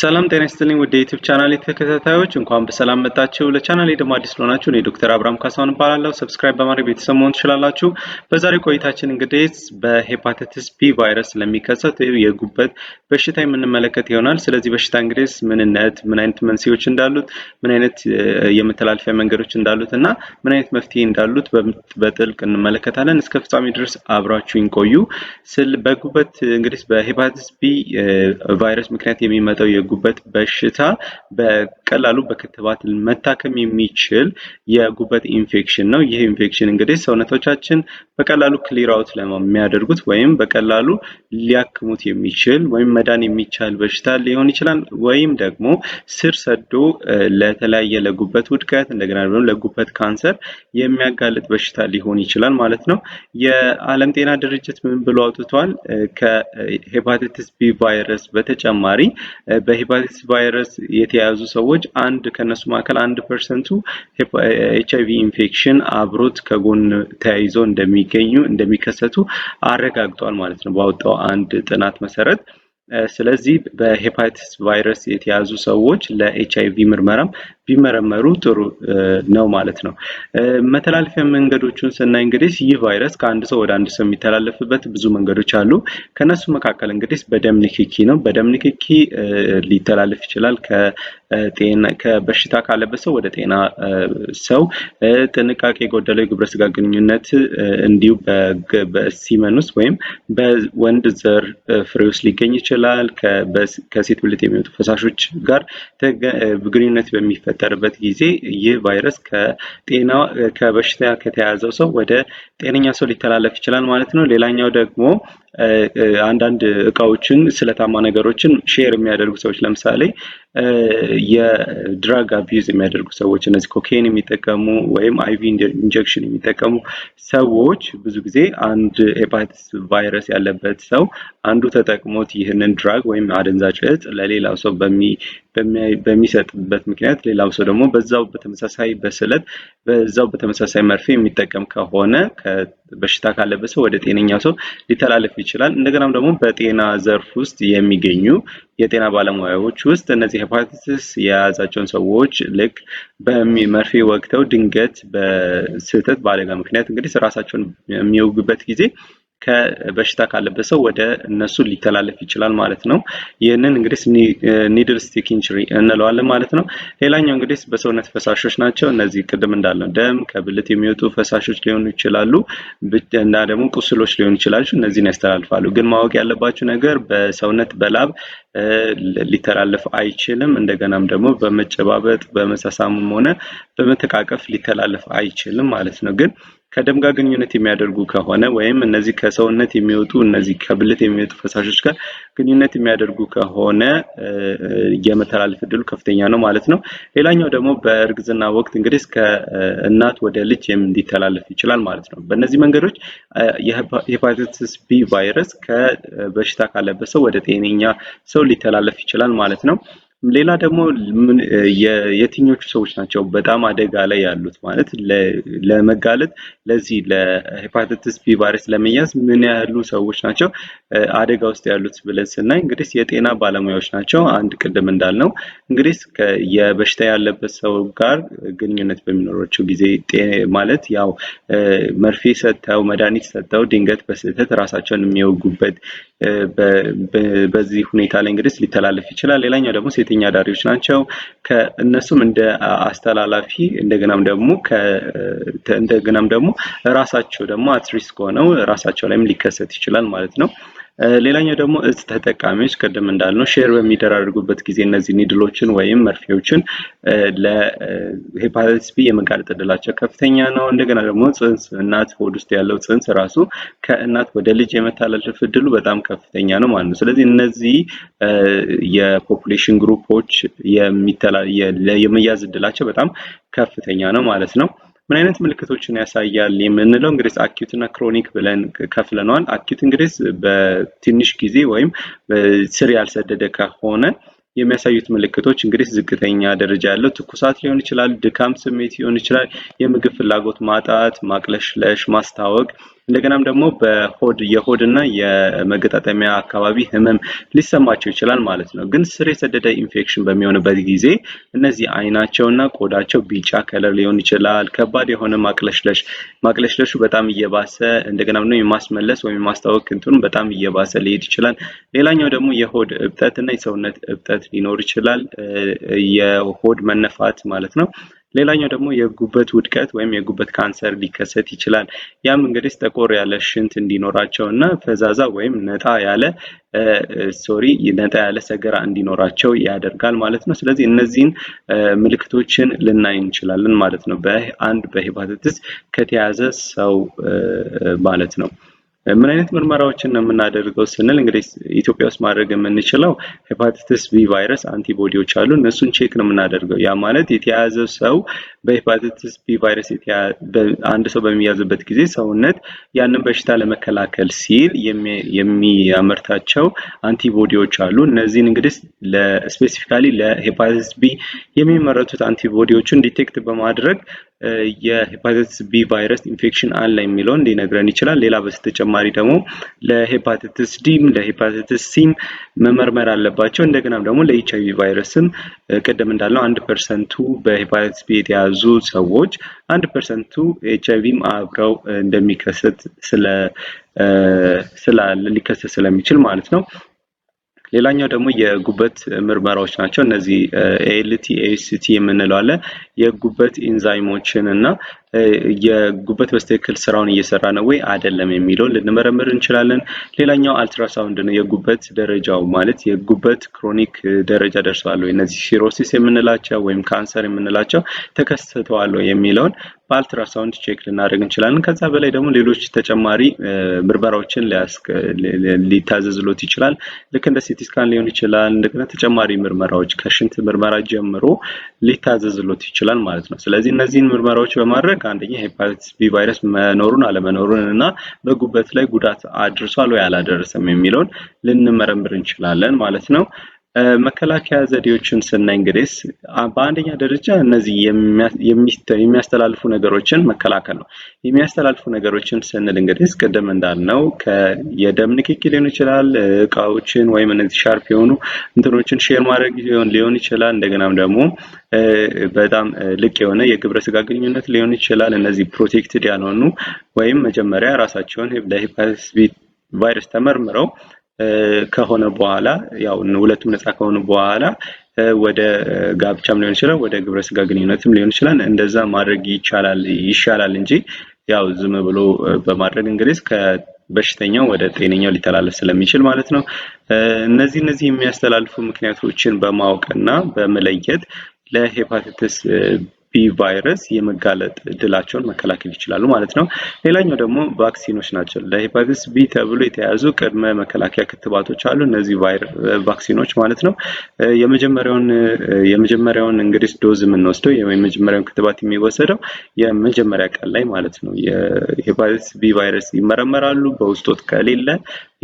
ሰላም ጤና ይስጥልኝ ወደ ዩቲዩብ ቻናል ተከታታዮች እንኳን በሰላም መጣችሁ። ለቻናሌ ደግሞ አዲስ ለሆናችሁ እኔ ዶክተር አብርሃም ካሳሁን እባላለሁ። ሰብስክራይብ በማድረግ ቤተሰብ መሆን ትችላላችሁ። በዛሬው ቆይታችን እንግዲህ በሄፓታይተስ ቢ ቫይረስ ለሚከሰት የጉበት በሽታ የምንመለከት ይሆናል። ስለዚህ በሽታ እንግዲህ ምንነት፣ ምን አይነት መንስኤዎች እንዳሉት፣ ምን አይነት የመተላለፊያ መንገዶች እንዳሉት እና ምን አይነት መፍትሄ እንዳሉት በጥልቅ እንመለከታለን። እስከ ፍጻሜ ድረስ አብራችሁኝ ቆዩ። ስል በጉበት እንግዲህ በሄፓታይተስ ቢ ቫይረስ ምክንያት የሚመጣው ጉበት በሽታ በቀላሉ በክትባት መታከም የሚችል የጉበት ኢንፌክሽን ነው። ይህ ኢንፌክሽን እንግዲህ ሰውነቶቻችን በቀላሉ ክሊር አውት ለሚያደርጉት ወይም በቀላሉ ሊያክሙት የሚችል ወይም መዳን የሚቻል በሽታ ሊሆን ይችላል። ወይም ደግሞ ስር ሰዶ ለተለያየ ለጉበት ውድቀት እንደገና ደግሞ ለጉበት ካንሰር የሚያጋልጥ በሽታ ሊሆን ይችላል ማለት ነው። የዓለም ጤና ድርጅት ምን ብሎ አውጥቷል? ከሄፓቲትስ ቢ ቫይረስ በተጨማሪ በሄፓታይቲስ ቫይረስ የተያዙ ሰዎች አንድ ከነሱ መካከል አንድ ፐርሰንቱ ኤች አይቪ ኢንፌክሽን አብሮት ከጎን ተያይዞ እንደሚገኙ እንደሚከሰቱ አረጋግጧል ማለት ነው ባወጣው አንድ ጥናት መሰረት። ስለዚህ በሄፓቲስ ቫይረስ የተያዙ ሰዎች ለኤች አይቪ ምርመራም ቢመረመሩ ጥሩ ነው ማለት ነው። መተላለፊያ መንገዶቹን ስናይ እንግዲህ ይህ ቫይረስ ከአንድ ሰው ወደ አንድ ሰው የሚተላለፍበት ብዙ መንገዶች አሉ። ከነሱ መካከል እንግዲህ በደም ንክኪ ነው። በደም ንክኪ ሊተላለፍ ይችላል። በሽታ ካለበት ሰው ወደ ጤና ሰው፣ ጥንቃቄ የጎደለው የግብረ ስጋ ግንኙነት፣ እንዲሁ በሲመን ውስጥ ወይም በወንድ ዘር ፍሬ ውስጥ ሊገኝ ይችላል። ከሴት ብልት የሚወጡ ፈሳሾች ጋር ግንኙነት በሚፈ በሚፈጠርበት ጊዜ ይህ ቫይረስ ከጤና ከበሽታ ከተያዘው ሰው ወደ ጤነኛ ሰው ሊተላለፍ ይችላል ማለት ነው። ሌላኛው ደግሞ አንዳንድ እቃዎችን ስለታማ ነገሮችን ሼር የሚያደርጉ ሰዎች ለምሳሌ የድራግ አቢዩዝ የሚያደርጉ ሰዎች እነዚህ ኮኬን የሚጠቀሙ ወይም አይቪ ኢንጀክሽን የሚጠቀሙ ሰዎች ብዙ ጊዜ አንድ ሄፓቲስ ቫይረስ ያለበት ሰው አንዱ ተጠቅሞት ይህንን ድራግ ወይም አደንዛዥ እጽ ለሌላው ሰው በሚ በሚሰጥበት ምክንያት ሌላው ሰው ደግሞ በዛው በተመሳሳይ በስለት በዛው በተመሳሳይ መርፌ የሚጠቀም ከሆነ በሽታ ካለበት ሰው ወደ ጤነኛው ሰው ሊተላለፍ ይችላል። እንደገናም ደግሞ በጤና ዘርፍ ውስጥ የሚገኙ የጤና ባለሙያዎች ውስጥ እነዚህ ሄፓታይተስ የያዛቸውን ሰዎች ልክ በመርፌ ወቅተው ድንገት በስህተት በአደጋ ምክንያት እንግዲህ ራሳቸውን የሚወጉበት ጊዜ በሽታ ካለበት ሰው ወደ እነሱ ሊተላለፍ ይችላል ማለት ነው። ይህንን እንግዲህ ኒድል ስቲክ ኢንጁሪ እንለዋለን ማለት ነው። ሌላኛው እንግዲህ በሰውነት ፈሳሾች ናቸው። እነዚህ ቅድም እንዳልነው ደም ከብልት የሚወጡ ፈሳሾች ሊሆኑ ይችላሉ እና ደግሞ ቁስሎች ሊሆኑ ይችላሉ። እነዚህን ያስተላልፋሉ። ግን ማወቅ ያለባችሁ ነገር በሰውነት በላብ ሊተላለፍ አይችልም። እንደገናም ደግሞ በመጨባበጥ በመሳሳምም ሆነ በመተቃቀፍ ሊተላለፍ አይችልም ማለት ነው ግን ከደም ጋር ግንኙነት የሚያደርጉ ከሆነ ወይም እነዚህ ከሰውነት የሚወጡ እነዚህ ከብልት የሚወጡ ፈሳሾች ጋር ግንኙነት የሚያደርጉ ከሆነ የመተላለፍ እድሉ ከፍተኛ ነው ማለት ነው። ሌላኛው ደግሞ በእርግዝና ወቅት እንግዲህ እናት ወደ ልጅ እንዲተላለፍ ይችላል ማለት ነው። በእነዚህ መንገዶች የሄፓታይተስ ቢ ቫይረስ ከበሽታ ካለበት ሰው ወደ ጤነኛ ሰው ሊተላለፍ ይችላል ማለት ነው። ሌላ ደግሞ የትኞቹ ሰዎች ናቸው በጣም አደጋ ላይ ያሉት? ማለት ለመጋለጥ ለዚህ ለሄፓታይተስ ቢ ቫይረስ ለመያዝ ምን ያህሉ ሰዎች ናቸው አደጋ ውስጥ ያሉት ብለን ስናይ እንግዲህ የጤና ባለሙያዎች ናቸው። አንድ ቅድም እንዳልነው እንግዲህ የበሽታ ያለበት ሰው ጋር ግንኙነት በሚኖራቸው ጊዜ ማለት ያው መርፌ ሰጥተው መድኃኒት ሰጥተው ድንገት በስህተት ራሳቸውን የሚወጉበት በዚህ ሁኔታ ላይ እንግዲህ ሊተላለፍ ይችላል። ሌላኛው ደግሞ ሴተኛ አዳሪዎች ናቸው። ከእነሱም እንደ አስተላላፊ እንደገናም ደግሞ እንደገናም ደግሞ ራሳቸው ደግሞ አትሪስክ ሆነው ራሳቸው ላይም ሊከሰት ይችላል ማለት ነው። ሌላኛው ደግሞ እዚህ ተጠቃሚዎች ቅድም እንዳልነው ሼር በሚደራርጉበት ጊዜ እነዚህ ኒድሎችን ወይም መርፌዎችን ለሄፓታይትስ ቢ የመጋለጥ እድላቸው ከፍተኛ ነው። እንደገና ደግሞ ጽንስ እናት ሆድ ውስጥ ያለው ጽንስ ራሱ ከእናት ወደ ልጅ የመተላለፍ እድሉ በጣም ከፍተኛ ነው ማለት ነው። ስለዚህ እነዚህ የፖፑሌሽን ግሩፖች የመያዝ እድላቸው በጣም ከፍተኛ ነው ማለት ነው። ምን አይነት ምልክቶችን ያሳያል የምንለው እንግዲህ አኪዩት እና ክሮኒክ ብለን ከፍለነዋል። አኪዩት እንግዲህ በትንሽ ጊዜ ወይም ስር ያልሰደደ ከሆነ የሚያሳዩት ምልክቶች እንግዲህ ዝቅተኛ ደረጃ ያለው ትኩሳት ሊሆን ይችላል፣ ድካም ስሜት ሊሆን ይችላል፣ የምግብ ፍላጎት ማጣት፣ ማቅለሽለሽ፣ ማስታወቅ እንደገናም ደግሞ በሆድ የሆድ እና የመገጣጠሚያ አካባቢ ህመም ሊሰማቸው ይችላል ማለት ነው። ግን ስር የሰደደ ኢንፌክሽን በሚሆንበት ጊዜ እነዚህ አይናቸውና ቆዳቸው ቢጫ ከለር ሊሆን ይችላል። ከባድ የሆነ ማቅለሽለሽ ማቅለሽለሹ በጣም እየባሰ እንደገና ደግሞ የማስመለስ ወይም የማስታወክ እንትኑ በጣም እየባሰ ሊሄድ ይችላል። ሌላኛው ደግሞ የሆድ እብጠት እና የሰውነት እብጠት ሊኖር ይችላል። የሆድ መነፋት ማለት ነው። ሌላኛው ደግሞ የጉበት ውድቀት ወይም የጉበት ካንሰር ሊከሰት ይችላል። ያም እንግዲህ ጠቆር ያለ ሽንት እንዲኖራቸው እና ፈዛዛ ወይም ነጣ ያለ ሶሪ ነጣ ያለ ሰገራ እንዲኖራቸው ያደርጋል ማለት ነው። ስለዚህ እነዚህን ምልክቶችን ልናይ እንችላለን ማለት ነው በአንድ በሄፓታይተስ ከተያዘ ሰው ማለት ነው። ምን አይነት ምርመራዎችን ነው የምናደርገው ስንል እንግዲህ ኢትዮጵያ ውስጥ ማድረግ የምንችለው ሄፓቲቲስ ቢ ቫይረስ አንቲቦዲዎች አሉ። እነሱን ቼክ ነው የምናደርገው። ያ ማለት የተያዘ ሰው በሄፓታይተስ ቢ ቫይረስ አንድ ሰው በሚያዝበት ጊዜ ሰውነት ያንን በሽታ ለመከላከል ሲል የሚያመርታቸው አንቲቦዲዎች አሉ። እነዚህን እንግዲህ ስፔሲፊካሊ ለሂፓቲስ ቢ የሚመረቱት አንቲቦዲዎችን ዲቴክት በማድረግ የሂፓቲስ ቢ ቫይረስ ኢንፌክሽን አለ የሚለውን ሊነግረን ይችላል። ሌላ በስተጨማሪ ደግሞ ለሂፓቲስ ዲም ለሄፓታይተስ ሲም መመርመር አለባቸው። እንደገናም ደግሞ ለኤች አይ ቪ ቫይረስም ቅድም እንዳለው አንድ ፐርሰንቱ በሄፓታይተስ ቢ የተያዘ ከተያዙ ሰዎች አንድ ፐርሰንቱ ኤች አይቪም አብረው እንደሚከሰት ስላለ ሊከሰት ስለሚችል ማለት ነው። ሌላኛው ደግሞ የጉበት ምርመራዎች ናቸው። እነዚህ ኤልቲ ኤስቲ የምንለው አለ የጉበት ኢንዛይሞችን እና የጉበት በስትክክል ስራውን እየሰራ ነው ወይ አይደለም የሚለውን ልንመረምር እንችላለን። ሌላኛው አልትራሳውንድ ነው። የጉበት ደረጃው ማለት የጉበት ክሮኒክ ደረጃ ደርሰዋል ወይ፣ እነዚህ ሲሮሲስ የምንላቸው ወይም ካንሰር የምንላቸው ተከስተዋል የሚለውን በአልትራሳውንድ ቼክ ልናደርግ እንችላለን። ከዛ በላይ ደግሞ ሌሎች ተጨማሪ ምርመራዎችን ሊታዘዝሎት ይችላል። ልክ እንደ ሲቲስካን ሊሆን ይችላል። እንደገና ተጨማሪ ምርመራዎች ከሽንት ምርመራ ጀምሮ ሊታዘዝሎት ይችላል ማለት ነው። ስለዚህ እነዚህን ምርመራዎች በማድረግ አንደኛ ሄፓታይትስ ቢ ቫይረስ መኖሩን አለመኖሩን እና በጉበት ላይ ጉዳት አድርሷል ወይ አላደረሰም የሚለውን ልንመረምር እንችላለን ማለት ነው። መከላከያ ዘዴዎችን ስናይ እንግዲህ በአንደኛ ደረጃ እነዚህ የሚያስተላልፉ ነገሮችን መከላከል ነው። የሚያስተላልፉ ነገሮችን ስንል እንግዲህ ቅድም እንዳልነው የደም ንክኪ ሊሆን ይችላል፣ እቃዎችን ወይም እነዚህ ሻርፕ የሆኑ እንትኖችን ሼር ማድረግ ሊሆን ይችላል። እንደገናም ደግሞ በጣም ልቅ የሆነ የግብረ ስጋ ግንኙነት ሊሆን ይችላል። እነዚህ ፕሮቴክትድ ያልሆኑ ወይም መጀመሪያ ራሳቸውን ለሄፓታይተስ ቢ ቫይረስ ተመርምረው ከሆነ በኋላ ያው ሁለቱም ነፃ ከሆኑ በኋላ ወደ ጋብቻም ሊሆን ይችላል፣ ወደ ግብረ ስጋ ግንኙነትም ሊሆን ይችላል። እንደዛ ማድረግ ይቻላል ይሻላል እንጂ ያው ዝም ብሎ በማድረግ እንግዲህ ከበሽተኛው ወደ ጤነኛው ሊተላለፍ ስለሚችል ማለት ነው። እነዚህ እነዚህ የሚያስተላልፉ ምክንያቶችን በማወቅና በመለየት ለሄፓቲትስ ቢ ቫይረስ የመጋለጥ እድላቸውን መከላከል ይችላሉ ማለት ነው። ሌላኛው ደግሞ ቫክሲኖች ናቸው። ለሄፓቲስ ቢ ተብሎ የተያዙ ቅድመ መከላከያ ክትባቶች አሉ። እነዚህ ቫክሲኖች ማለት ነው። የመጀመሪያውን የመጀመሪያውን እንግዲህ ዶዝ የምንወስደው የመጀመሪያውን ክትባት የሚወሰደው የመጀመሪያ ቀን ላይ ማለት ነው። የሄፓቲስ ቢ ቫይረስ ይመረመራሉ። በውስጦት ከሌለ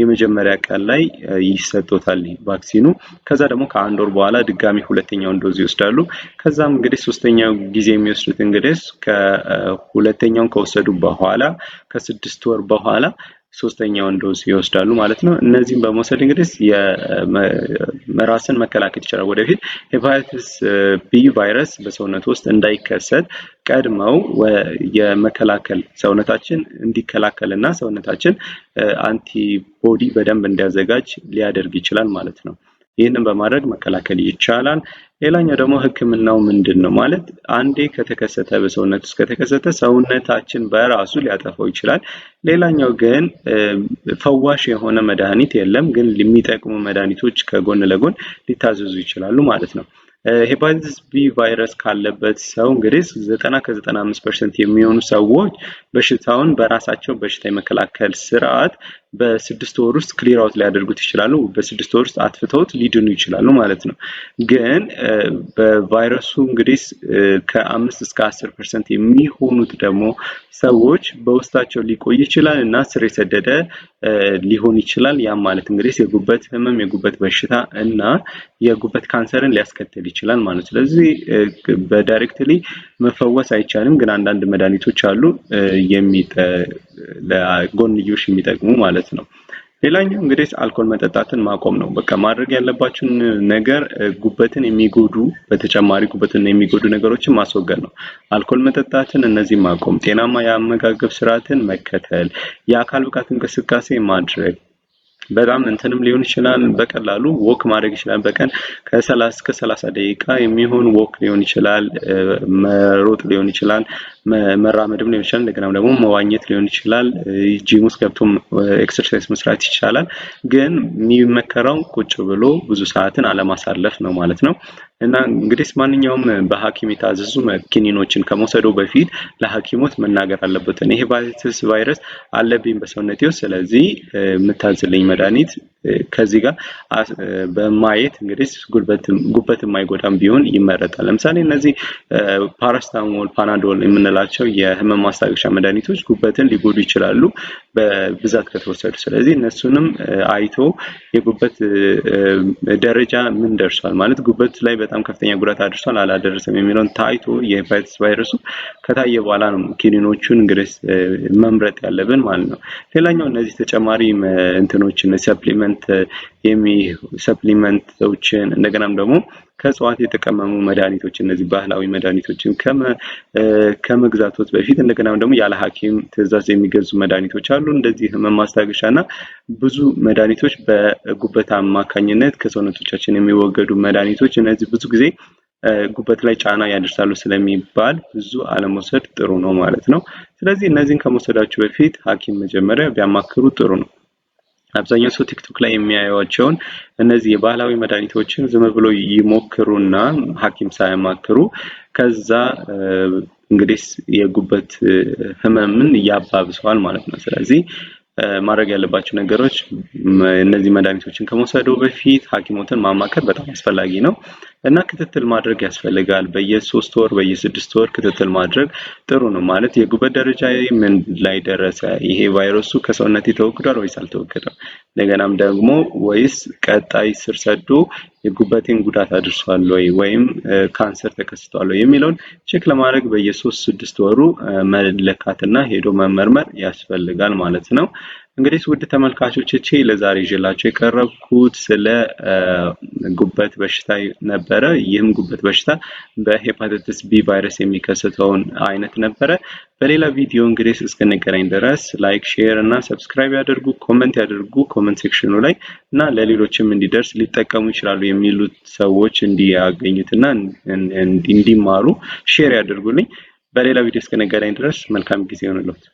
የመጀመሪያ ቀን ላይ ይሰጡታል ቫክሲኑ። ከዛ ደግሞ ከአንድ ወር በኋላ ድጋሚ ሁለተኛውን ዶዝ ይወስዳሉ። ከዛም እንግዲህ ሶስተኛው ጊዜ የሚወስዱት እንግዲህ ከሁለተኛውን ከወሰዱ በኋላ ከስድስት ወር በኋላ ሶስተኛውን ዶዝ ይወስዳሉ ማለት ነው። እነዚህም በመውሰድ እንግዲህ ራስን መከላከል ይችላል። ወደፊት ሄፓታይተስ ቢ ቫይረስ በሰውነት ውስጥ እንዳይከሰት ቀድመው የመከላከል ሰውነታችን እንዲከላከልና ሰውነታችን አንቲቦዲ በደንብ እንዲያዘጋጅ ሊያደርግ ይችላል ማለት ነው። ይህንን በማድረግ መከላከል ይቻላል። ሌላኛው ደግሞ ህክምናው ምንድነው? ማለት አንዴ ከተከሰተ በሰውነት ውስጥ ከተከሰተ ሰውነታችን በራሱ ሊያጠፋው ይችላል። ሌላኛው ግን ፈዋሽ የሆነ መድኃኒት የለም፣ ግን የሚጠቅሙ መድኃኒቶች ከጎን ለጎን ሊታዘዙ ይችላሉ ማለት ነው። ሄፓታይተስ ቢ ቫይረስ ካለበት ሰው እንግዲህ ዘጠና ከዘጠና አምስት ፐርሰንት የሚሆኑ ሰዎች በሽታውን በራሳቸው በሽታ የመከላከል ስርዓት በስድስት ወር ውስጥ ክሊር አውት ሊያደርጉት ይችላሉ። በስድስት ወር ውስጥ አጥፍተውት ሊድኑ ይችላሉ ማለት ነው። ግን በቫይረሱ እንግዲህ ከአምስት እስከ አስር ፐርሰንት የሚሆኑት ደግሞ ሰዎች በውስጣቸው ሊቆይ ይችላል እና ስር የሰደደ ሊሆን ይችላል። ያም ማለት እንግዲህ የጉበት ህመም፣ የጉበት በሽታ እና የጉበት ካንሰርን ሊያስከትል ይችላል ማለት ነው። ስለዚህ በዳይሬክትሊ መፈወስ አይቻልም። ግን አንዳንድ መድኃኒቶች አሉ ለጎንዮሽ የሚጠቅሙ ማለት ማለት ነው። ሌላኛው እንግዲህ አልኮል መጠጣትን ማቆም ነው። በቃ ማድረግ ያለባችሁን ነገር ጉበትን የሚጎዱ በተጨማሪ ጉበትን የሚጎዱ ነገሮችን ማስወገድ ነው። አልኮል መጠጣትን እነዚህ ማቆም፣ ጤናማ የአመጋገብ ስርዓትን መከተል፣ የአካል ብቃት እንቅስቃሴ ማድረግ በጣም እንትንም ሊሆን ይችላል። በቀላሉ ወክ ማድረግ ይችላል። በቀን ከሰላሳ እስከ ሰላሳ ደቂቃ የሚሆን ወክ ሊሆን ይችላል። መሮጥ ሊሆን ይችላል። መራመድም ሊሆን ይችላል። እንደገና ደግሞ መዋኘት ሊሆን ይችላል። ጂም ውስጥ ገብቶም ኤክሰርሳይዝ መስራት ይቻላል። ግን የሚመከረው ቁጭ ብሎ ብዙ ሰዓትን አለማሳለፍ ነው ማለት ነው። እና እንግዲህ ማንኛውም በሐኪም የታዘዙ ኪኒኖችን ከመውሰዶ በፊት ለሐኪሞት መናገር አለበት። ይሄ ሄፓታይተስ ቫይረስ አለብኝ በሰውነቴ ውስጥ፣ ስለዚህ የምታዝልኝ መድኃኒት ከዚህ ጋር በማየት እንግዲህ ጉበት የማይጎዳም ቢሆን ይመረጣል። ለምሳሌ እነዚህ ፓራስታሞል፣ ፓናዶል የምንለው የምንላቸው የህመም ማስታገሻ መድኃኒቶች ጉበትን ሊጎዱ ይችላሉ በብዛት ከተወሰዱ። ስለዚህ እነሱንም አይቶ የጉበት ደረጃ ምን ደርሷል ማለት ጉበት ላይ በጣም ከፍተኛ ጉዳት አድርሷል አላደረሰም የሚለውን ታይቶ የሄፓታይተስ ቫይረሱ ከታየ በኋላ ነው ኪኒኖቹን እንግዲህ መምረጥ ያለብን ማለት ነው። ሌላኛው እነዚህ ተጨማሪ እንትኖችን ሰፕሊመንት ሰፕሊመንቶችን እንደገናም ደግሞ ከእጽዋት የተቀመሙ መድኃኒቶች እነዚህ ባህላዊ መድኃኒቶችን ከመግዛቶት በፊት እንደገና ደግሞ ያለ ሐኪም ትእዛዝ የሚገዙ መድኃኒቶች አሉ። እንደዚህ ህመም ማስታገሻ እና ብዙ መድኃኒቶች በጉበት አማካኝነት ከሰውነቶቻችን የሚወገዱ መድኃኒቶች እነዚህ ብዙ ጊዜ ጉበት ላይ ጫና ያደርሳሉ ስለሚባል ብዙ አለመውሰድ ጥሩ ነው ማለት ነው። ስለዚህ እነዚህን ከመውሰዳችሁ በፊት ሐኪም መጀመሪያ ቢያማክሩ ጥሩ ነው። አብዛኛው ሰው ቲክቶክ ላይ የሚያዩቸውን እነዚህ የባህላዊ መድኃኒቶችን ዝም ብሎ ይሞክሩና ሐኪም ሳያማክሩ ከዛ እንግዲህ የጉበት ህመምን ያባብሰዋል ማለት ነው። ስለዚህ ማድረግ ያለባቸው ነገሮች እነዚህ መድኃኒቶችን ከመውሰዱ በፊት ሐኪሞትን ማማከር በጣም አስፈላጊ ነው። እና ክትትል ማድረግ ያስፈልጋል። በየሶስት ወር በየስድስት ወር ክትትል ማድረግ ጥሩ ነው። ማለት የጉበት ደረጃ ምን ላይ ደረሰ፣ ይሄ ቫይረሱ ከሰውነቴ ተወግዷል ወይስ አልተወገደም፣ እንደገናም ደግሞ ወይስ ቀጣይ ስር ሰዶ የጉበቴን ጉዳት አድርሷል ወይ ወይም ካንሰር ተከስቷል ወይ የሚለውን ቼክ ለማድረግ በየሶስት ስድስት ወሩ መለካትና ሄዶ መመርመር ያስፈልጋል ማለት ነው። እንግዲህ ውድ ተመልካቾቼ ለዛሬ ይዤላችሁ የቀረብኩት ስለ ጉበት በሽታ ነበረ። ይህም ጉበት በሽታ በሄፓታይተስ ቢ ቫይረስ የሚከሰተውን አይነት ነበረ። በሌላ ቪዲዮ እንግዲህ እስክንገናኝ ድረስ ላይክ፣ ሼር እና ሰብስክራይብ ያደርጉ፣ ኮመንት ያደርጉ ኮመንት ሴክሽኑ ላይ እና ለሌሎችም እንዲደርስ ሊጠቀሙ ይችላሉ የሚሉት ሰዎች እንዲያገኙትና እንዲማሩ ሼር ያደርጉልኝ። በሌላ ቪዲዮ እስክንገናኝ ድረስ መልካም ጊዜ ይሆንልዎት።